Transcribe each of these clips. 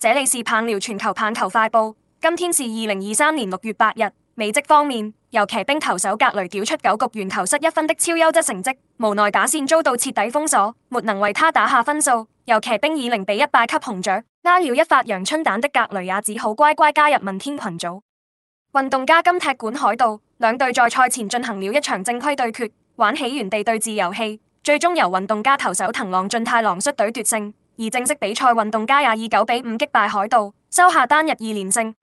這裏是棒聊全球棒球快報，今天是二零二三年六月八日。美職方面，由騎兵投手格雷繳出九局完投失一分的超優質成績，無奈打線遭到徹底封鎖，沒能為他打下分數。由騎兵以零比一敗給紅雀。拉了一發陽春蛋的格雷也只好乖乖加入問天群組。運動家金踢館海盜兩隊在賽前進行了一場正規對決，玩起原地對峙遊戲，最終由運動家投手藤浪晉太郎率隊奪勝。而正式比賽，運動家也以九比五擊敗海盜，收下單日二連勝。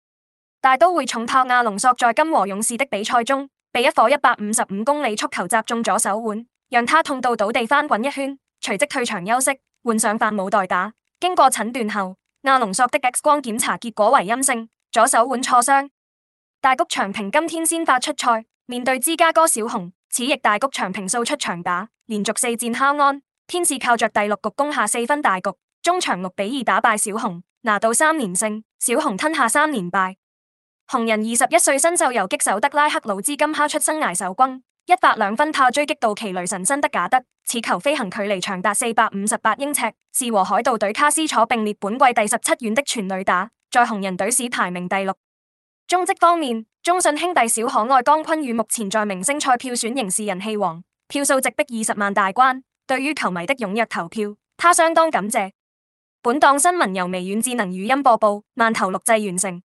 大都會重炮阿隆索在金和勇士的比賽中，被一顆一百五十五公里速球砸中左手腕，讓他痛到倒地翻滾一圈，隨即退場休息，換上棒母代打。經過診斷後，阿隆索的 X 光檢查結果為陰性，左手腕挫傷。大谷翔平今天先發出賽，面對芝加哥小熊，此役大谷翔平掃出長打，連續四戰敲安。天使靠着第六局攻下四分大局。中場六比二打敗小熊，拿到三連勝。小熊吞下三連敗。紅人二十一歲新秀游擊手德拉克魯茲今敲出生涯首轟，一發兩分炮追擊到奇雷神辛德賈德，此球飛行距離長達四百五十八英尺，是和海盜隊卡斯楚並列本季第十七遠的全壘打，在紅人隊史排名第六。中職方面，中信兄弟小可愛江坤宇目前在明星賽票選仍是人氣王，票數直逼二十萬大關。對於球迷的踴躍投票，他相當感謝。本檔新聞由微軟智能語音播報，萬頭錄製完成。